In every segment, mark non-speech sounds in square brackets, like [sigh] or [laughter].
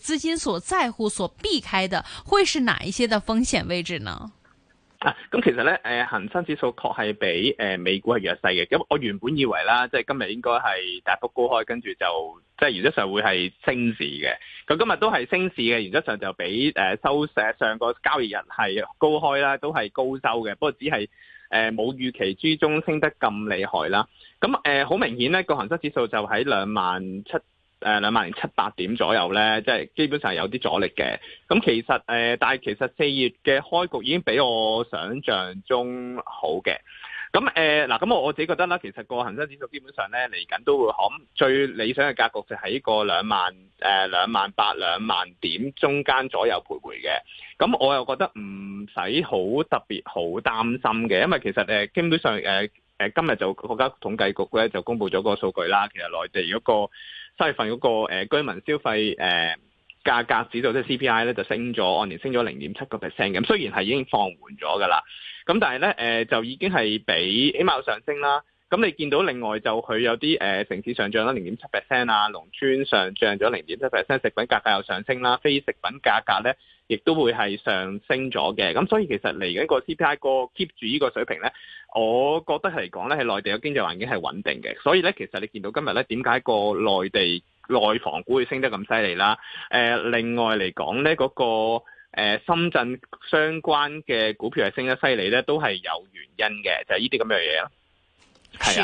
資金所在乎，所避開的會是哪一些的風險位置呢？啊，咁、嗯、其實咧，誒、呃，恒生指數確係比誒、呃、美股係弱勢嘅。咁我原本以為啦，即係今日應該係大幅高開，跟住就即係原則上會係升市嘅。咁今日都係升市嘅，原則上就比誒收市上個交易日係高開啦，都係高收嘅。不過只係誒冇預期之中升得咁厲害啦。咁、嗯、誒，好、呃、明顯咧，個恒生指數就喺兩萬七。誒、呃、兩萬零七百點左右咧，即係基本上有啲阻力嘅。咁其實誒、呃，但係其實四月嘅開局已經比我想象中好嘅。咁誒嗱，咁、呃、我我自己覺得啦，其實個恒生指數基本上咧嚟緊都會好。最理想嘅格局就喺個兩萬誒兩、呃、萬八兩萬點中間左右徘徊嘅。咁我又覺得唔使好特別好擔心嘅，因為其實誒、呃、基本上誒、呃、今日就國家統計局咧就公布咗個數據啦，其實內地嗰個。七月份嗰個居民消費誒價格指數，即係 CPI 咧，就升咗按年升咗零點七個 percent。咁雖然係已經放緩咗㗎啦，咁但係咧誒就已經係比起碼有上升啦。咁你見到另外就佢有啲誒城市上漲啦，零點七 percent 啊，農村上漲咗零點七 percent，食品價格又上升啦，非食品價格咧，亦都會係上升咗嘅，咁所以其實嚟緊個 CPI 個 keep 住呢個水平呢，我覺得嚟講呢，係內地嘅經濟環境係穩定嘅。所以呢，其實你見到今日呢，點解個內地內房股會升得咁犀利啦？誒、呃，另外嚟講呢，嗰、嗰個、呃、深圳相關嘅股票係升得犀利呢，都係有原因嘅，就係呢啲咁樣嘢。是，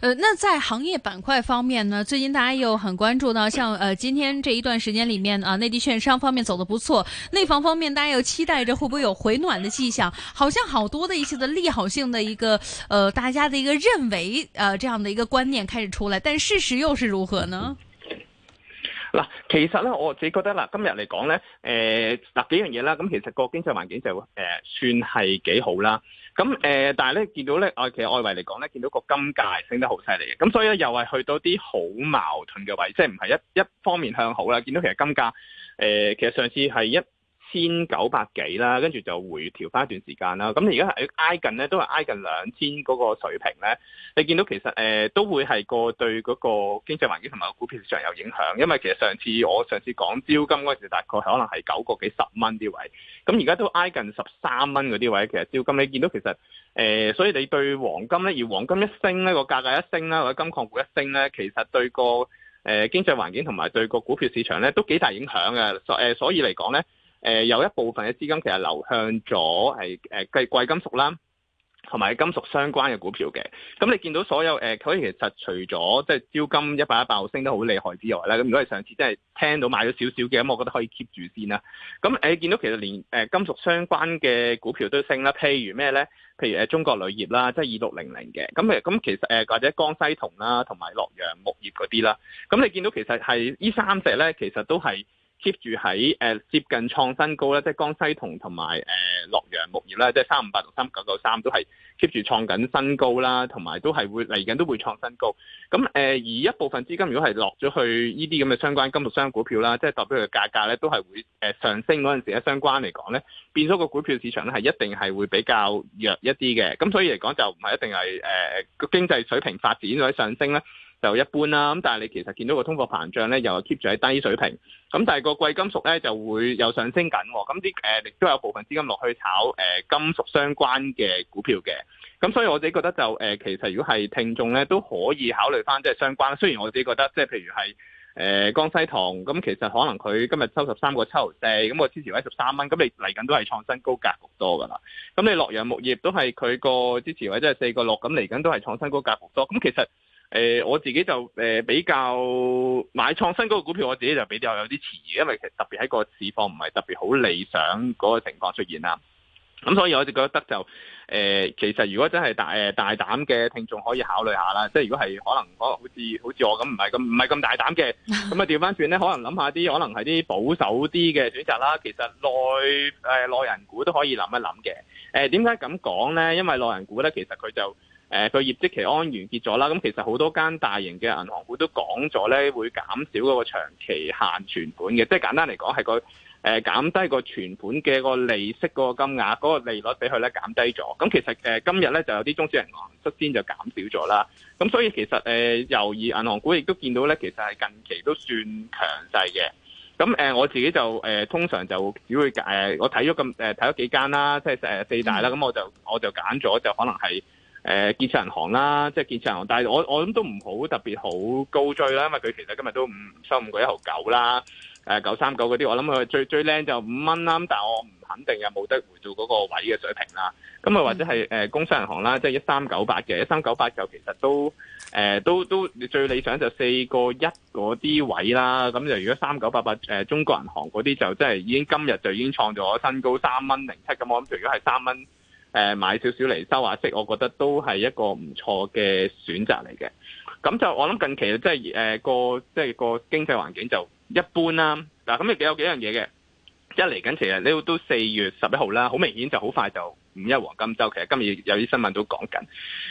呃，那在行業板塊方面呢？最近大家又很關注到，像呃，今天這一段時間裏面啊，內地券商方面走得不錯，內房方面大家又期待着會不會有回暖的迹象？好像好多的一些的利好性的一個呃，大家的一個認為呃，這樣的一個觀念開始出來，但事實又是如何呢？嗱，其實呢，我自己覺得今日嚟講呢，呃，幾樣嘢啦，咁其實個經濟環境就誒算係幾好啦。咁誒、呃，但係咧見到咧，外其實外圍嚟講咧，見到個金價升得好犀利嘅，咁所以咧又係去到啲好矛盾嘅位，即係唔係一一方面向好啦，見到其實金價誒、呃，其實上次係一千九百幾啦，跟住就回調翻一段時間啦。咁而家係挨近咧，都係挨近兩千嗰個水平咧。你見到其實誒、呃、都會係個對嗰個經濟環境同埋股票市場有影響，因為其實上次我上次講招金嗰陣時，大概可能係九個幾十蚊啲位。咁而家都挨近十三蚊嗰啲位，其實招金你見到其實誒、呃，所以你對黃金咧，而黃金一升咧個價格一升啦，或者金礦股一升咧，其實對個誒經濟環境同埋對個股票市場咧都幾大影響嘅。誒，所以嚟講咧。誒、呃、有一部分嘅資金其實流向咗係誒貴金屬啦，同埋金屬相關嘅股票嘅。咁你見到所有誒，所、呃、以其實除咗即係招金一百一百升得好厲害之外咧，咁如果係上次真係聽到買咗少少嘅，咁我覺得可以 keep 住先啦。咁你見到其實連、呃、金屬相關嘅股票都升啦，譬如咩咧？譬如中國鋁業啦，即係二六零零嘅。咁咁其實誒或者江西銅啦，同埋洛陽木業嗰啲啦。咁你見到其實係呢三隻咧，其實都係。keep 住喺誒接近創新高咧，即係江西銅同埋誒洛陽鉬業啦，即係三五八同三九九三都係 keep 住創緊新高啦，同埋都係會嚟緊都會創新高。咁誒而一部分資金如果係落咗去呢啲咁嘅相關金屬商的股票啦，即係代表佢嘅價格咧都係會上升嗰陣時咧，相關嚟講咧，變咗個股票市場咧係一定係會比較弱一啲嘅。咁所以嚟講就唔係一定係個經濟水平發展或者上升咧。就一般啦，咁但係你其實見到個通貨膨脹咧，又 keep 住喺低水平。咁但係個貴金屬咧就會又上升緊，啊。咁啲誒亦都有部分資金落去炒金屬相關嘅股票嘅。咁所以我自己覺得就其實如果係聽眾咧，都可以考慮翻即係相關。雖然我自己覺得即係譬如係誒江西銅，咁其實可能佢今日收十三個七毫四，咁我支持位十三蚊，咁你嚟緊都係創新高格局好多噶啦。咁你洛陽木業都係佢個支持位即係四個六，咁嚟緊都係創新高格局好多。咁其實。誒、呃，我自己就誒、呃、比較買創新嗰個股票，我自己就比較有有啲遲疑，因為其實特別喺個市況唔係特別好理想嗰個情況出現啦。咁所以我就覺得就誒、呃，其實如果真係大誒、呃、大膽嘅聽眾可以考慮下啦。即係如果係可能我好似好似我咁唔係咁唔係咁大膽嘅，咁啊掉返轉咧，可能諗下啲可能係啲保守啲嘅選擇啦。其實內誒內銀股都可以諗一諗嘅。誒、呃，點解咁講咧？因為內銀股咧，其實佢就。誒個業績期安完結咗啦，咁其實好多間大型嘅銀行股都講咗咧，會減少嗰個長期限存款嘅，即係簡單嚟講係個誒、呃、減低個存款嘅個利息嗰個金額，嗰、嗰個利率俾佢咧減低咗。咁其實誒今日咧就有啲中小銀行率先就減少咗啦。咁所以其實誒由以銀行股亦都見到咧，其實係近期都算強勢嘅。咁誒我自己就誒、呃、通常就只會誒、呃、我睇咗咁誒睇咗幾間啦，即係誒四大啦。咁、嗯、我就我就揀咗就可能係。誒建設銀行啦，即係建設銀行，但係我我諗都唔好特別好高追啦，因為佢其實今日都唔收唔過一毫九啦。誒九三九嗰啲，我諗佢最最靚就五蚊啦，但係我唔肯定有冇得回到嗰個位嘅水平啦。咁啊或者係誒工商銀行啦，即係一三九八嘅一三九八就其實都誒、呃、都都最理想就四個一嗰啲位啦。咁就如果三九八八誒中國銀行嗰啲就即係已經今日就已經創咗新高三蚊零七。咁我諗就如果係三蚊。誒買少少嚟收下息，我覺得都係一個唔錯嘅選擇嚟嘅。咁就我諗近期即係誒個即係個經濟環境就一般啦。嗱、啊，咁亦有幾樣嘢嘅。一嚟緊，其實呢度都四月十一號啦，好明顯就好快就五一黃金週。其實今日有啲新聞都講緊。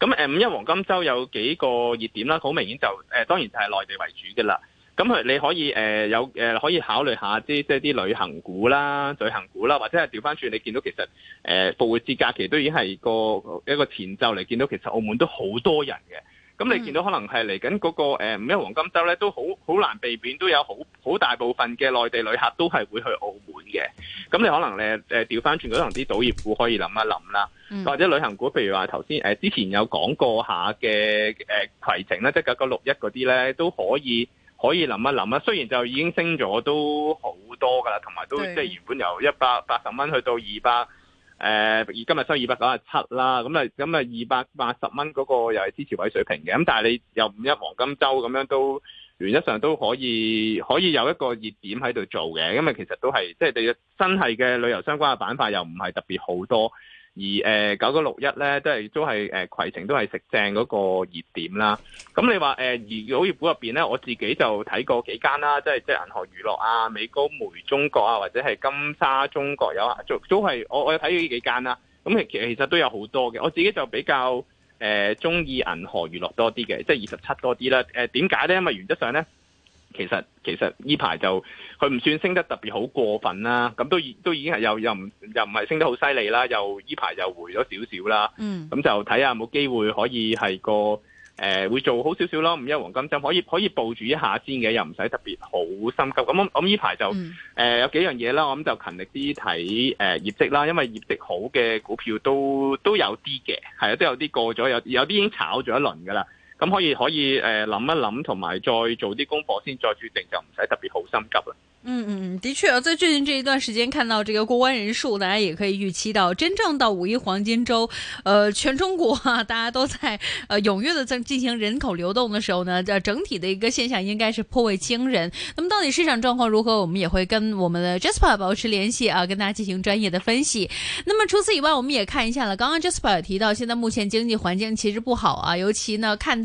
咁誒，五一黃金週有幾個熱點啦，好明顯就誒、呃，當然就係內地為主嘅啦。咁佢你可以誒、呃、有誒、呃、可以考慮下啲即係啲旅行股啦、旅行股啦，或者係調翻轉。你見到其實誒、呃、復活節假期都已經係個一個前奏嚟，見到其實澳門都好多人嘅。咁你見到可能係嚟緊嗰個咩、呃、黃金周咧，都好好難避免，都有好好大部分嘅內地旅客都係會去澳門嘅。咁你可能咧誒調翻轉，可能啲賭業股可以諗一諗啦、嗯，或者旅行股，譬如話頭先誒之前有講過下嘅誒攜程咧，即係九九六一嗰啲咧都可以。可以諗一諗啊！雖然就已經升咗都好多噶啦，同埋都即係原本由一百八十蚊去到二百，誒、呃、而今日收二百九十七啦。咁啊，咁啊二百八十蚊嗰個又係支持位水平嘅。咁但係你又五一黃金周咁樣都原則上都可以可以有一個熱點喺度做嘅。因為其實都係即係你日新係嘅旅遊相關嘅板塊又唔係特別好多。而誒九九六一咧，都係、呃、都係誒攜程都係食正嗰個熱點啦。咁、嗯、你話誒、呃，而豪賭股入面咧，我自己就睇過幾間啦，即係即係銀河娛樂啊、美高梅中國啊，或者係金沙中國有，都都係我我睇咗呢幾間啦。咁、嗯、其其實都有好多嘅，我自己就比較誒中意銀河娛樂多啲嘅，即係二十七多啲啦。誒點解咧？因為原則上咧。其實其實呢排就佢唔算升得特別好過分啦，咁都都已經係又又唔又唔係升得好犀利啦，又呢排又回咗少少啦，咁、嗯嗯、就睇下有冇機會可以係個誒、呃、會做好少少咯，五一黃金針可以可以部署一下先嘅，又唔使特別好心急。咁呢排就誒有幾樣嘢啦，我諗就勤力啲睇誒業績啦，因為業績好嘅股票都都有啲嘅，係啊都有啲過咗，有有啲已經炒咗一輪噶啦。咁可以可以誒諗一諗同埋再做啲功課先，再決定，就唔使特別好心急啦。嗯嗯嗯，的確啊，在最近這一段時間看到這個過關人數，大家也可以預期到，真正到五一黃金周，呃，全中國啊，大家都在呃，踊躍的在進行人口流動的時候呢，這整體的一個現象應該是頗為驚人。那麼到底市場狀況如何，我們也會跟我們的 Jasper 保持聯繫啊，跟大家進行專業的分析。那麼除此以外，我們也看一下啦，剛剛 Jasper 也提到，現在目前經濟環境其實不好啊，尤其呢看。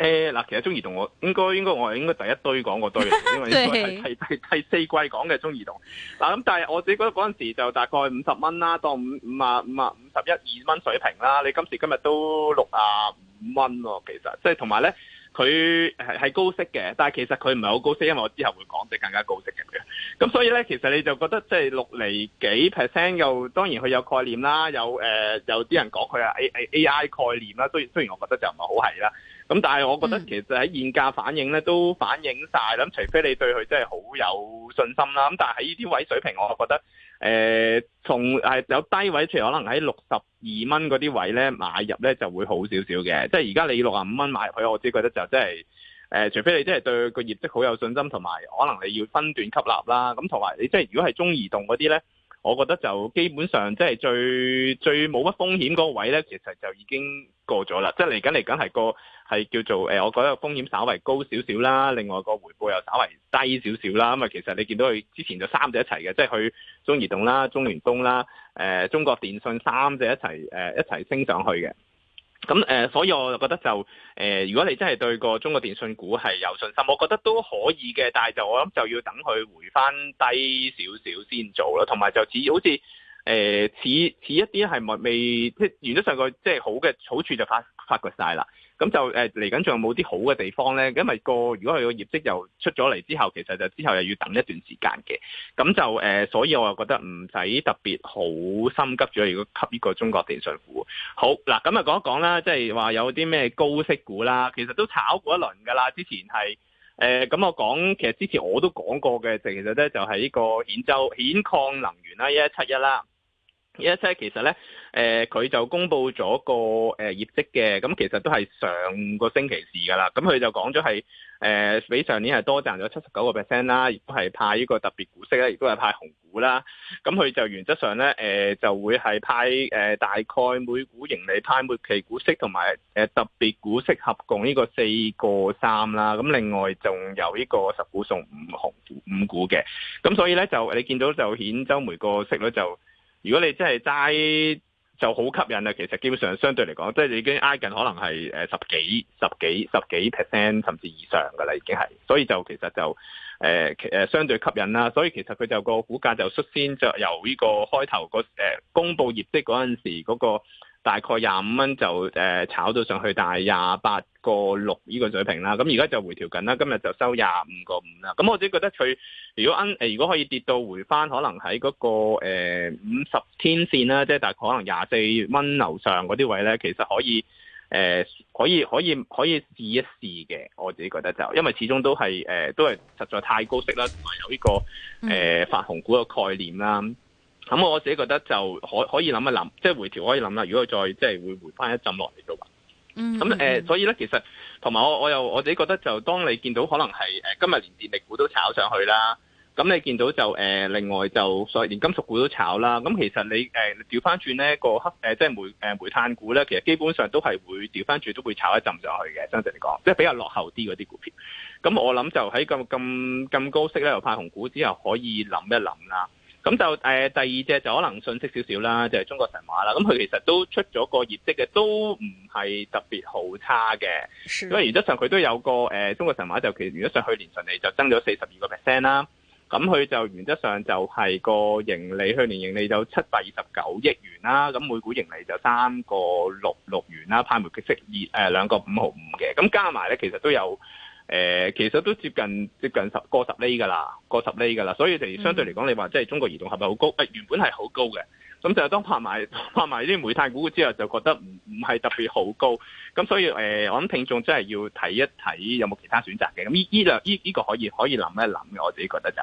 誒、欸、嗱，其實中移動我應該應該我係應該第一堆講嗰堆，因為應該係第第第四季講嘅中移動。嗱咁，但係我自己覺得嗰陣時就大概五十蚊啦，當五五啊五啊五十一二蚊水平啦。你今時今日都六啊五蚊喎，其實即係同埋咧，佢係高息嘅，但係其實佢唔係好高息，因為我之後會講啲更加高息嘅佢。咁所以咧，其實你就覺得即係六釐幾 percent 又當然佢有概念啦，有誒、呃、有啲人講佢啊 A A A I 概念啦，雖然雖然我覺得就唔係好係啦。咁但係我覺得其實喺現價反應咧都反映晒。咁除非你對佢真係好有信心啦。咁但係喺呢啲位水平，我覺得誒、呃、從係有低位，譬如可能喺六十二蚊嗰啲位咧買入咧就會好少少嘅。即係而家你六十五蚊買入去，我自己覺得就真係誒、呃，除非你真係對個業績好有信心，同埋可能你要分段吸納啦。咁同埋你即係如果係中移動嗰啲咧。我覺得就基本上即係最最冇乜風險嗰位呢，其實就已經過咗啦。即係嚟緊嚟緊係個係叫做誒，我覺得風險稍為高少少啦。另外個回報又稍微低點點為低少少啦。咁啊，其實你見到佢之前三就三隻一齊嘅，即係去中移動啦、中聯通啦、誒、呃、中國電信三隻一齊、呃、一齊升上去嘅。咁誒、呃，所以我就覺得就誒、呃，如果你真係對個中國電信股係有信心，我覺得都可以嘅，但係就我諗就要等佢回翻低少少先做咯，同埋就似好似誒似似一啲係未未即係原則上個即係好嘅好處就發發掘晒啦。咁就誒嚟緊仲有冇啲好嘅地方咧？因為、個如果佢個業績又出咗嚟之後，其實就之後又要等一段時間嘅。咁就誒、呃，所以我又覺得唔使特別好心急咗，如果吸呢個中國電信股。好，嗱，咁啊講一講啦，即係話有啲咩高息股啦，其實都炒過一輪㗎啦。之前係誒咁我講，其實之前我都講過嘅，其實咧就係、係、呢個兗州兗礦能源啦，一一七一啦。一、yes，即其實咧，誒、呃、佢就公布咗個誒、呃、業績嘅，咁其實都係上個星期事㗎啦。咁佢就講咗係誒比上年係多賺咗七十九個 percent 啦，亦都係派呢個特別股息啦，亦都係派紅股啦。咁佢就原則上咧，誒、呃、就會係派、呃、大概每股盈利派末期股息同埋、呃、特別股息合共呢個四個三啦。咁另外仲有呢個十股送五紅股五股嘅。咁所以咧就你見到就顯周每個息率就。如果你真係齋就好吸引啦，其實基本上相對嚟講，即係你已經挨近可能係十幾、十幾、十幾 percent 甚至以上㗎啦，已經係，所以就其實就誒、呃呃、相對吸引啦，所以其實佢就個股價就率先就由呢個開頭、呃個公佈業績嗰陣時嗰個。大概廿五蚊就炒到上去，但係廿八個六呢個水平啦。咁而家就回調緊啦。今日就收廿五個五啦。咁我自己覺得，佢如果如果可以跌到回翻，可能喺嗰個、呃、五十天線啦，即係大概可能廿四蚊樓上嗰啲位咧，其實可以、呃、可以可以可以試一試嘅。我自己覺得就因為始終都係都係實在太高息啦，同埋有呢個、呃、發紅股嘅概念啦。咁我自己覺得就可以可以諗一諗，即係回調可以諗啦。如果再即係會回翻一浸落嚟嘅話，咁、嗯、誒、嗯呃，所以咧，其實同埋我我又我自己覺得就，就當你見到可能係、呃、今日連電力股都炒上去啦，咁你見到就誒、呃、另外就所以連金屬股都炒啦，咁其實你誒調翻轉呢個黑、呃、即係煤煤炭股咧，其實基本上都係會調翻轉都會炒一陣上去嘅。相對嚟講，即、就、係、是、比較落後啲嗰啲股票。咁我諗就喺咁咁咁高息咧又派紅股之後，可以諗一諗啦。咁就誒第二隻就可能遜色少少啦，就係中國神華啦。咁佢其實都出咗個業績嘅，都唔係特別好差嘅。因為原則上佢都有個誒中國神華就其實原則上去年純利就增咗四十二個 percent 啦。咁佢就原則上就係個盈利去年盈利就七百二十九億元啦。咁每股盈利就三個六六元啦，派末期息二誒兩個五毫五嘅。咁加埋咧，其實都有。誒，其實都接近接近十過十厘㗎啦，過十厘㗎啦，所以就相對嚟講，嗯，你話即係中國移動係咪好高？誒、呃，原本係好高嘅，咁就係當拍埋拍埋啲煤炭股之後，就覺得唔唔係特別好高。咁所以誒、呃，我諗聽眾真係要睇一睇有冇其他選擇嘅。咁呢、呢個呢個可以可以諗一諗嘅，我自己覺得就。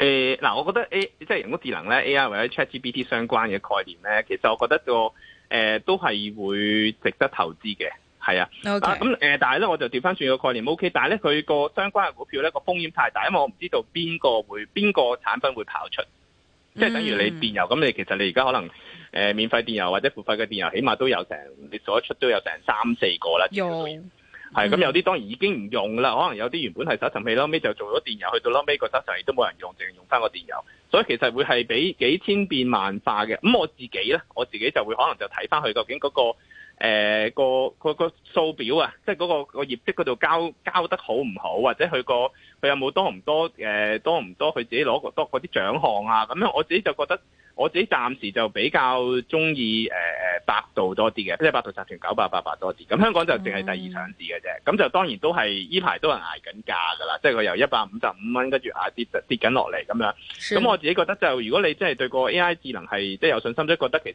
誒，嗱，我覺得 A，即係人工智能咧，AI 或者 ChatGPT 相關嘅概念咧，其實我覺得個誒、呃、都係會值得投資嘅，係、okay. 啊。咁誒、呃，但係咧我就調翻轉個概念，O K. 但係咧佢個相關嘅股票咧個風險太大，因為我唔知道邊個會邊個產品會跑出，即係等於你電郵，咁、mm. 你其實你而家可能誒、呃、免費電郵或者付費嘅電郵，起碼都有成，你做出都有成三四個啦。係咁有啲當然已經唔用啦，可能有啲原本係洗塵器，撈尾就做咗電油，去到撈尾個洗塵器都冇人用，淨係用翻個電油，所以其實會係畀幾千變萬化嘅。咁我自己咧，我自己就會可能就睇翻佢究竟嗰、嗰個誒、欸嗰個、嗰個數表啊，即係嗰個個業績嗰度交交得好唔好，或者佢、嗰個佢有冇多唔多誒多唔多，佢、呃、自己攞個多嗰啲獎項啊，咁樣我自己就覺得。我自己暫時就比較中意誒百度多啲嘅，即係百度集團九百八百多啲。咁香港就淨係第二上市嘅啫。咁、嗯、就當然都係依排都係捱緊價㗎啦，即係佢由一百五十五蚊跟住啊跌跌緊落嚟咁樣。咁我自己覺得就如果你真係對個 AI 智能係即係有信心，即係覺得其實。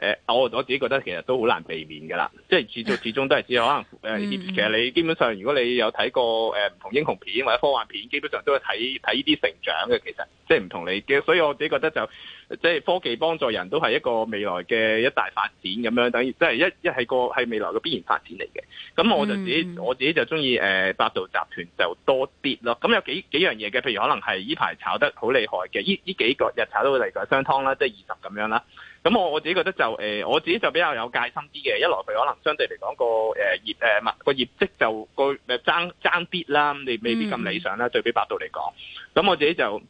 誒、呃，我我自己覺得其實都好難避免噶啦，即係始終始終都係只有可能誒、嗯。其實你基本上如果你有睇過誒唔、呃、同英雄片或者科幻片，基本上都會睇睇呢啲成長嘅。其實即係唔同你嘅，所以我自己覺得就即係科技幫助人都係一個未來嘅一大發展咁樣，等於即係一是一係個係未來嘅必然發展嚟嘅。咁我就自己、嗯、我自己就中意誒百度集團就多啲咯。咁有幾幾樣嘢嘅，譬如可能係呢排炒得好厲害嘅，呢呢幾個日炒到嚟個商湯啦，即係二十咁樣啦。咁我我自己覺得就、呃、我自己就比較有戒心啲嘅。一來佢可能相對嚟講個誒業誒物個業績就個誒爭爭啲啦，你未必咁理想啦、嗯。對比百度嚟講，咁我自己就誒、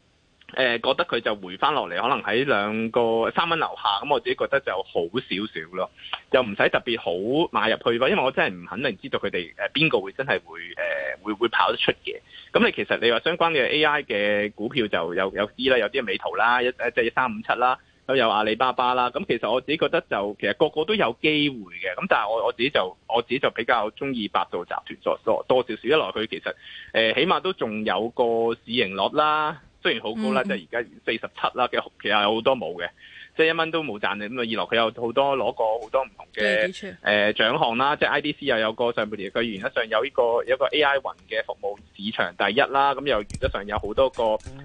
呃、覺得佢就回翻落嚟，可能喺兩個三蚊樓下。咁我自己覺得就好少少咯，又唔使特別好買入去咯。因為我真係唔肯定知道佢哋誒邊個會真係會誒、呃、會會跑得出嘅。咁你其實你話相關嘅 A I 嘅股票就有有啲啦，有啲係美圖啦，一誒即係三五七啦。都有阿里巴巴啦，咁其實我自己覺得就其實個個都有機會嘅，咁但係我我自己就我自己就比較中意百度集團多多多少少，一來佢其實誒、呃、起碼都仲有個市盈率啦，雖然好高啦，即係而家四十七啦，其實有好多冇嘅，即係一蚊都冇賺嘅。咁二來佢有好多攞過好多唔同嘅誒獎項啦，即係 IDC 又有個上半年，佢原則上有呢個一個 AI 雲嘅服務市場第一啦，咁又原則上有好多個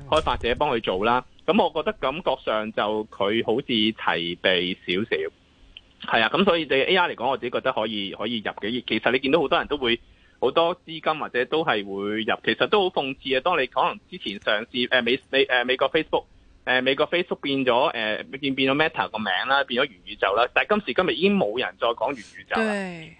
開發者幫佢做啦。嗯。咁、嗯、我覺得感覺上就佢好似提備少少，係啊，咁所以對 A.I. 嚟講，我自己覺得可以可以入嘅。其實你見到好多人都會好多資金或者都係會入，其實都好諷刺啊。當你可能之前上市、啊，美美、啊、美國 Facebook，啊、美國 Facebook 變咗誒變變咗 Meta 個名啦，變咗元宇宙啦，但係今時今日已經冇人再講元宇宙啦。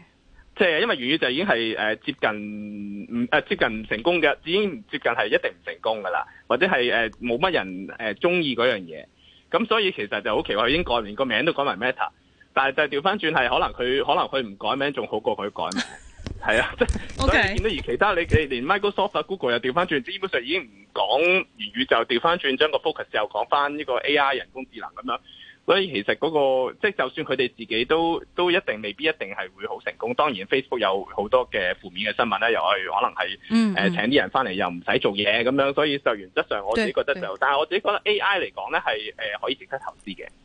即係因為元宇宙已經係、啊、接近。誒、啊、接近唔成功嘅，已經接近係一定唔成功噶啦，或者係誒冇乜人誒中意嗰樣嘢，咁所以其實就好奇怪，已經改連個名都改埋 Meta，但係就調翻轉係可能佢可能佢唔改名仲好過佢改名，係 [laughs] 啊，即 okay. 所以見到而其他你你連 Microsoft、Google 又調翻轉，基本上已經唔講宇宙就調翻轉將個 focus 又講翻呢個 AI 人工智能咁樣。所以其實嗰、嗰個即、就係、就算佢哋自己都都一定未必一定係會好成功。當然 Facebook 有好多嘅負面嘅新聞咧，又係可能係誒、嗯嗯呃、請啲人翻嚟又唔使做嘢咁樣。所以就原則上我自己覺得就，但係我自己覺得 AI 嚟講咧係、呃、可以值得投資嘅。